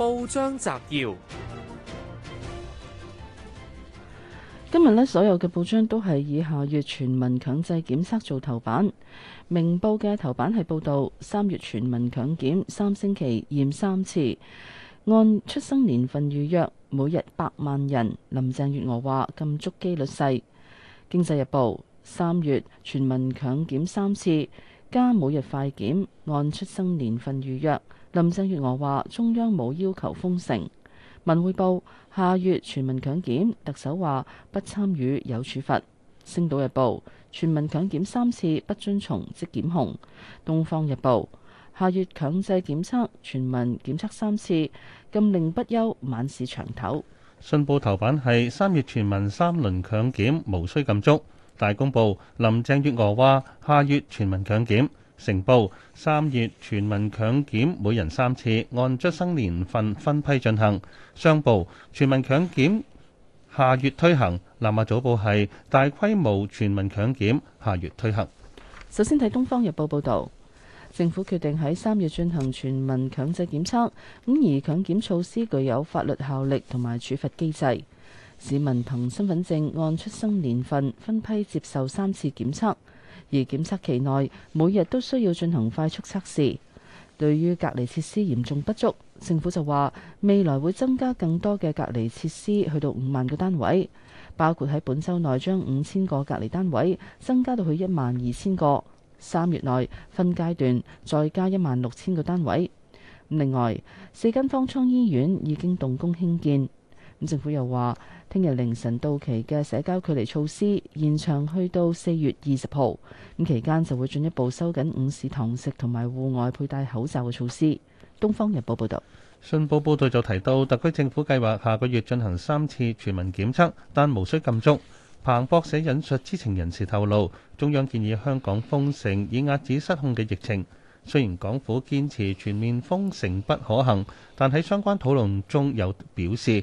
報章摘要：今日呢，所有嘅報章都係以下月全民強制檢測做頭版。明報嘅頭版係報道三月全民強檢三星期驗三次，按出生年份預約，每日百萬人。林鄭月娥話禁足機率細。經濟日報：三月全民強檢三次，加每日快檢，按出生年份預約。林鄭月娥話：中央冇要求封城。文匯報：下月全民強檢，特首話不參與有處罰。星島日報：全民強檢三次，不遵從即檢控。東方日報：下月強制檢測，全民檢測三次，禁令不休，晚市長頭。信報頭版係三月全民三輪強檢，無需禁足。大公報：林鄭月娥話下月全民強檢。成報，三月全民強檢，每人三次，按出生年份分批進行。商報，全民強檢下月推行。南華早報係大規模全民強檢下月推行。首先睇《東方日報》報導，政府決定喺三月進行全民強制檢測，咁而強檢措施具有法律效力同埋處罰機制。市民憑身份證按出生年份分批接受三次檢測。而檢測期內，每日都需要進行快速測試。對於隔離設施嚴重不足，政府就話未來會增加更多嘅隔離設施，去到五萬個單位，包括喺本週內將五千個隔離單位增加到去一萬二千個，三月內分階段再加一萬六千個單位。另外，四間方艙醫院已經動工興建。政府又話，聽日凌晨到期嘅社交距離措施延長去到四月二十號，咁期間就會進一步收緊午市堂食同埋戶外佩戴口罩嘅措施。《東方日報》報導。《信報》報道就提到，特區政府計劃下個月進行三次全民檢測，但無需禁足。彭博社引述知情人士透露，中央建議香港封城以壓止失控嘅疫情。雖然港府堅持全面封城不可行，但喺相關討論中有表示。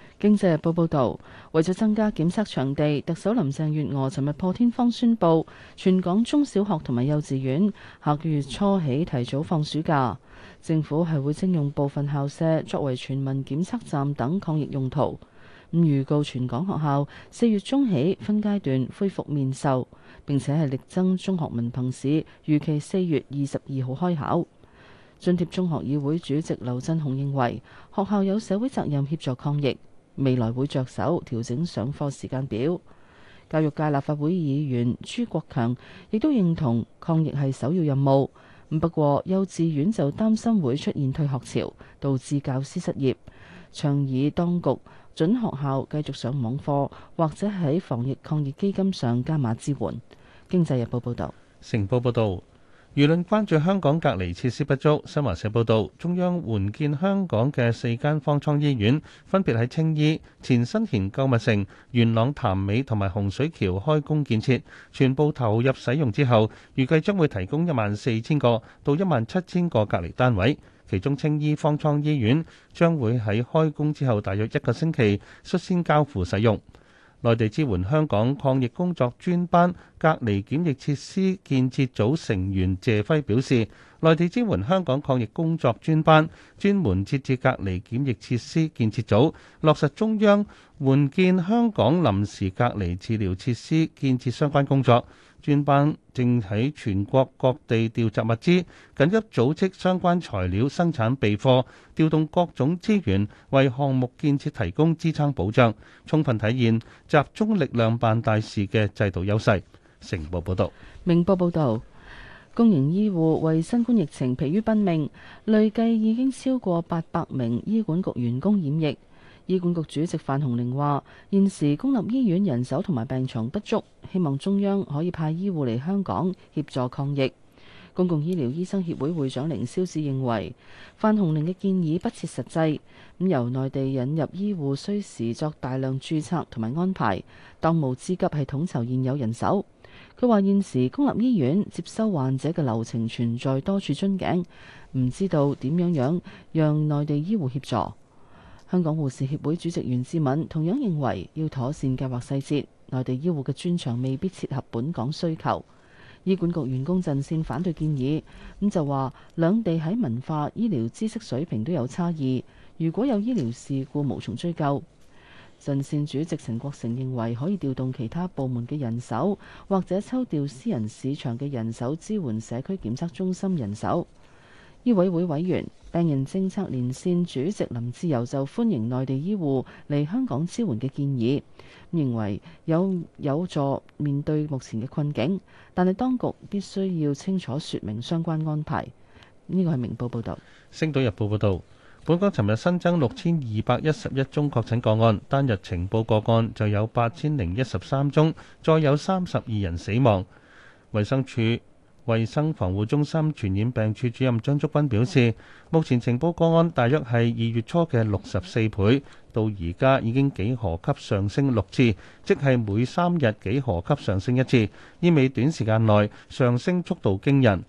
《經濟日報》報導，為咗增加檢測場地，特首林鄭月娥尋日破天荒宣布，全港中小學同埋幼稚園下個月初起提早放暑假。政府係會徵用部分校舍作為全民檢測站等抗疫用途。咁預告全港學校四月中起分階段恢復面授，並且係力爭中學文憑試預期四月二十二號開考。津貼中學議會主席劉振雄認為，學校有社會責任協助抗疫。未來會着手調整上課時間表。教育界立法會議員朱國強亦都認同抗疫係首要任務。不過幼稚園就擔心會出現退學潮，導致教師失業，倡議當局准學校繼續上網課，或者喺防疫抗疫基金上加碼支援。經濟日報報道。成報報導。輿論關注香港隔離設施不足。新華社報導，中央援建香港嘅四間方艙醫院，分別喺青衣、前新田購物城、元朗潭尾同埋洪水橋開工建設。全部投入使用之後，預計將會提供一萬四千個到一萬七千個隔離單位。其中，青衣方艙醫院將會喺開工之後大約一個星期率先交付使用。內地支援香港抗疫工作專班隔離檢疫設施建設組成員謝輝表示，內地支援香港抗疫工作專班專門設置隔離檢疫設施建設組，落實中央援建香港臨時隔離治療設施建設相關工作。專班正喺全國各地調集物資，緊急組織相關材料生產備貨，調動各種資源為項目建設提供支撐保障，充分體現集中力量辦大事嘅制度優勢。成報報道。明報報道，公營醫護為新冠疫情疲於奔命，累計已經超過八百名醫管局員工染疫。醫管局主席范鴻齡話：現時公立醫院人手同埋病床不足，希望中央可以派醫護嚟香港協助抗疫。公共醫療醫生協會會長凌霄志認為，范鴻齡嘅建議不切實際。咁由內地引入醫護，需時作大量註冊同埋安排，當務之急係統籌現有人手。佢話現時公立醫院接收患者嘅流程存在多處樽頸，唔知道點樣樣讓內地醫護協助。香港護士協會主席袁志敏同樣認為要妥善計劃細節，內地醫護嘅專長未必切合本港需求。醫管局員工陣線反對建議，咁就話兩地喺文化、醫療知識水平都有差異，如果有醫療事故，無從追究。陣線主席陳國成認為可以調動其他部門嘅人手，或者抽調私人市場嘅人手支援社區檢測中心人手。醫委會委員。病人政策連線主席林志游就歡迎內地醫護嚟香港支援嘅建議，認為有有助面對目前嘅困境，但係當局必須要清楚説明相關安排。呢個係明報報導。《星島日報》報導，本港尋日新增六千二百一十一宗確診個案，單日呈報個案就有八千零一十三宗，再有三十二人死亡。衛生署。衛生防護中心傳染病處主任張竹君表示，目前呈報個案大約係二月初嘅六十四倍，到而家已經幾何級上升六次，即係每三日幾何級上升一次，意味短時間內上升速度驚人。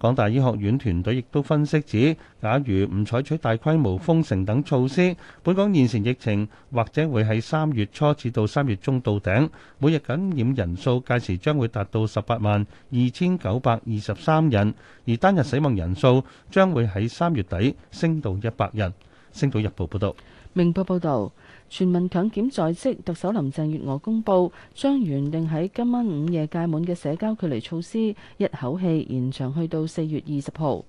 港大醫學院團隊亦都分析指，假如唔採取大規模封城等措施，本港現時疫情或者會喺三月初至到三月中到頂，每日感染人數屆時將會達到十八萬二千九百二十三人，而單日死亡人數將會喺三月底升到一百人。星島日報報導，明報報導。全民強檢在即，特首林鄭月娥公布將原定喺今晚午夜屆滿嘅社交距離措施一口氣延長去到四月二十號，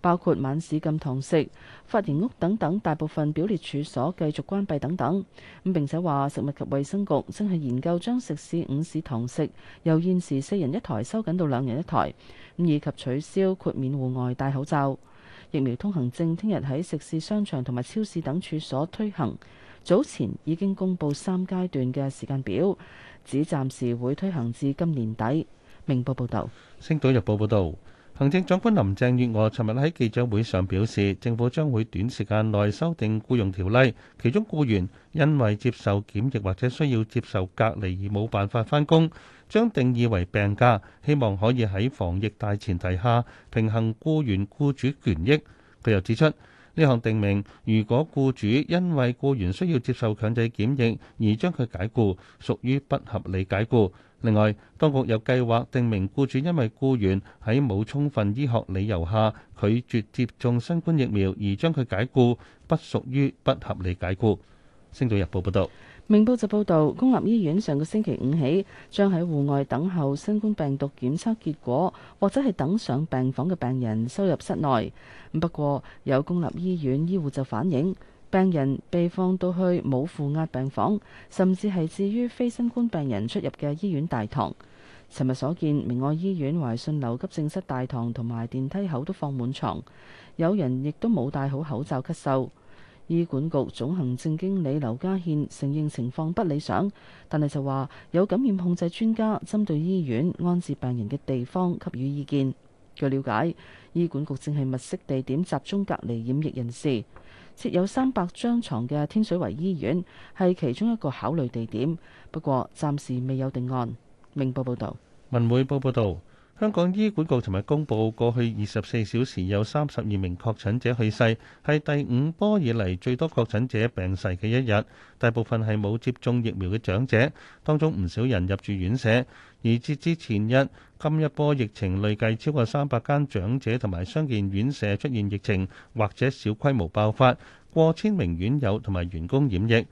包括晚市禁堂食、髮型屋等等，大部分表列處所繼續關閉等等。咁並且話食物及衛生局正係研究將食肆午市堂食由現時四人一台收緊到兩人一台，咁以及取消豁免戶外戴口罩。疫苗通行證聽日喺食肆、商場同埋超市等處所推行。早前已經公布三階段嘅時間表，指暫時會推行至今年底。明報報導，《星島日報》報道，行政長官林鄭月娥尋日喺記者會上表示，政府將會短時間內修訂僱傭條例，其中僱員因為接受檢疫或者需要接受隔離而冇辦法翻工，將定義為病假。希望可以喺防疫大前提下平衡僱員僱主權益。佢又指出。呢項定明，如果雇主因為雇員需要接受強制檢疫而將佢解雇，屬於不合理解雇。另外，當局有計劃定明雇主因為雇員喺冇充分醫學理由下拒絕接種新冠疫苗而將佢解雇，不屬於不合理解雇。星島日報報道。明報就報道，公立醫院上個星期五起，將喺戶外等候新冠病毒檢測結果，或者係等上病房嘅病人收入室內。不過，有公立醫院醫護就反映，病人被放到去冇負壓病房，甚至係至於非新冠病人出入嘅醫院大堂。尋日所見，明愛醫院懷信樓急症室大堂同埋電梯口都放滿床，有人亦都冇戴好口罩咳嗽。醫管局總行政經理劉家憲承認情況不理想，但係就話有感染控制專家針對醫院安置病人嘅地方給予意見。據了解，醫管局正係物色地點集中隔離檢疫人士，設有三百張床嘅天水圍醫院係其中一個考慮地點，不過暫時未有定案。明報報道，文匯報報道。香港醫管局尋日公布，過去二十四小時有三十二名確診者去世，係第五波以嚟最多確診者病逝嘅一日。大部分係冇接種疫苗嘅長者，當中唔少人入住院舍。而截至前日，今一波疫情累計超過三百間長者同埋相見院舍出現疫情，或者小規模爆發，過千名院友同埋員工染疫。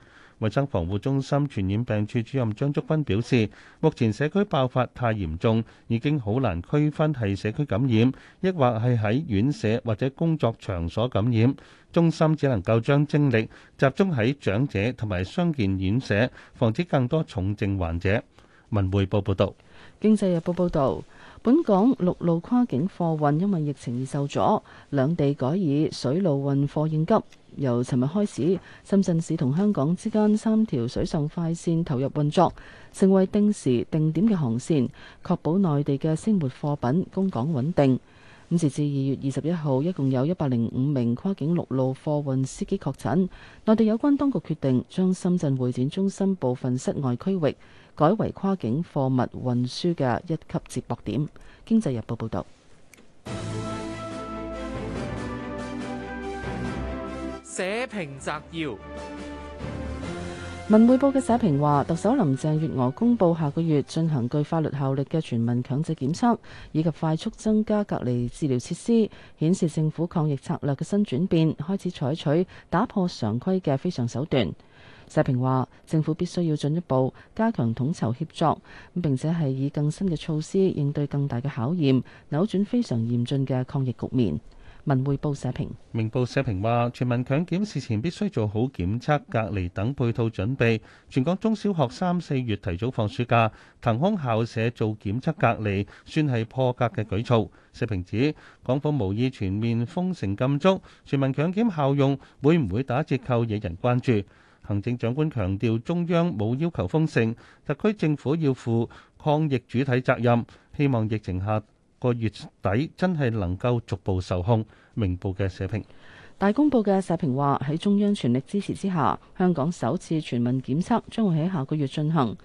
衞生防護中心傳染病處主任張竹君表示，目前社區爆發太嚴重，已經好難區分係社區感染，抑或係喺院舍或者工作場所感染。中心只能夠將精力集中喺長者同埋傷健院舍，防止更多重症患者。文匯報報導，《經濟日報》報導，本港陸路跨境貨運因為疫情而受阻，兩地改以水路運貨應急。由尋日開始，深圳市同香港之間三條水上快線投入運作，成為定時定點嘅航線，確保內地嘅鮮活貨品供港穩定。截至二月二十一號，一共有一百零五名跨境陸路貨運司機確診。內地有關當局決定將深圳會展中心部分室外區域改為跨境貨物運輸嘅一級接駁點。經濟日報報導。社評摘要：文匯報嘅社評話，特首林鄭月娥公布下個月進行具法律效力嘅全民強制檢測，以及快速增加隔離治療設施，顯示政府抗疫策略嘅新轉變，開始採取打破常規嘅非常手段。社評話，政府必須要進一步加強統籌協作，並且係以更新嘅措施應對更大嘅考驗，扭轉非常嚴峻嘅抗疫局面。文匯報社評，明報社評話，全民強檢事前必須做好檢測、隔離等配套準備。全港中小學三四月提早放暑假，騰空校舍做檢測隔離，算係破格嘅舉措。社評指，港府無意全面封城禁足，全民強檢效用會唔會打折扣，惹人關注。行政長官強調，中央冇要求封城，特區政府要負抗疫主體責任，希望疫情下個月底真係能夠逐步受控。明報嘅社評。大公報嘅社評話，喺中央全力支持之下，香港首次全民檢測將會喺下個月進行，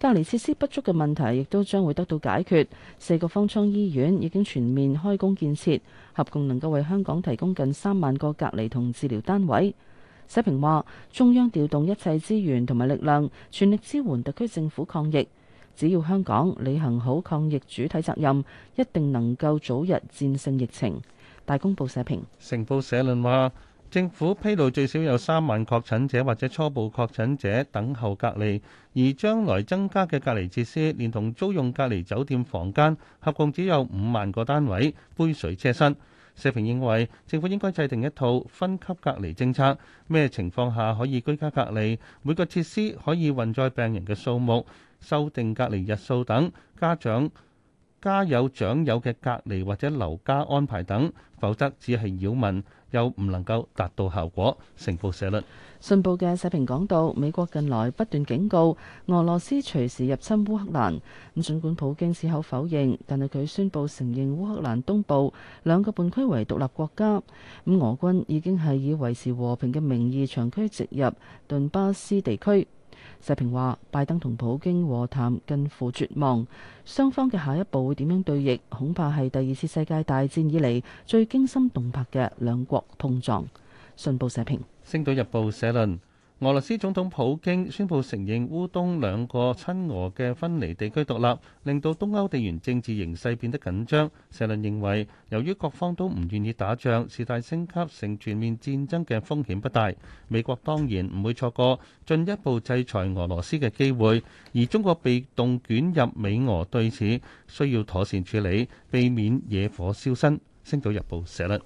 隔離設施不足嘅問題亦都將會得到解決。四個方艙醫院已經全面開工建設，合共能夠為香港提供近三萬個隔離同治療單位。社評話，中央調動一切資源同埋力量，全力支援特區政府抗疫。只要香港履行好抗疫主體責任，一定能夠早日戰勝疫情。大公報社評，成報社論話，政府披露最少有三萬確診者或者初步確診者等候隔離，而將來增加嘅隔離設施，連同租用隔離酒店房間，合共只有五萬個單位，杯水車薪。社評認為政府應該制定一套分級隔離政策，咩情況下可以居家隔離，每個設施可以運載病人嘅數目、修訂隔離日數等，家長，家有長幼嘅隔離或者留家安排等，否則只係擾民，又唔能夠達到效果。成報社論。信報嘅社評講到，美國近來不斷警告俄羅斯隨時入侵烏克蘭。咁儘管普京矢口否認，但係佢宣佈承認烏克蘭東部兩個半區為獨立國家。咁俄軍已經係以維持和平嘅名義長驅直入頓巴斯地區。社評話，拜登同普京和談近乎絕望，雙方嘅下一步會點樣對弈，恐怕係第二次世界大戰以嚟最驚心動魄嘅兩國碰撞。信報社評，《星島日報》社論。俄羅斯總統普京宣布承認烏東兩個親俄嘅分離地區獨立，令到東歐地緣政治形勢變得緊張。社論認為，由於各方都唔願意打仗，事態升級成全面戰爭嘅風險不大。美國當然唔會錯過進一步制裁俄羅斯嘅機會，而中國被動捲入美俄對峙，需要妥善處理，避免惹火燒身。星島日報社論。